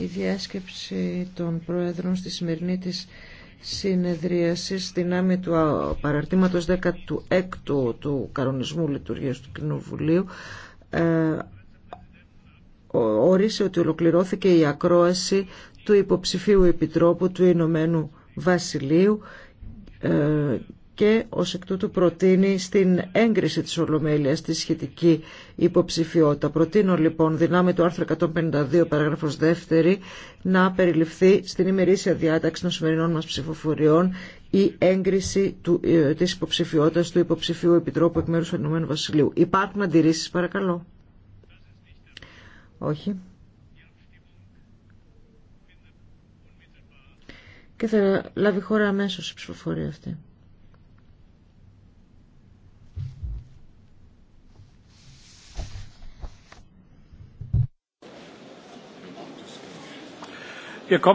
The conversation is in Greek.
Η διάσκεψη των Προέδρων στη σημερινή της συνεδρίασης άμυ του παραρτήματος 16ου του Καρονισμού Λειτουργίας του Κοινοβουλίου ε, όρισε ότι ολοκληρώθηκε η ακρόαση του υποψηφίου επιτρόπου του Ηνωμένου Βασιλείου ε, και ως εκ τούτου προτείνει στην έγκριση της Ολομέλειας τη σχετική υποψηφιότητα. Προτείνω λοιπόν δυνάμει του άρθρου 152 παράγραφος 2 να περιληφθεί στην ημερήσια διάταξη των σημερινών μας ψηφοφοριών η έγκριση του, ε, της υποψηφιότητας του υποψηφίου επιτρόπου εκ μέρους του Βασιλείου. Υπάρχουν αντιρρήσεις παρακαλώ. Όχι. Και θα λάβει χώρα αμέσως η ψηφοφορία αυτή. Wir kommen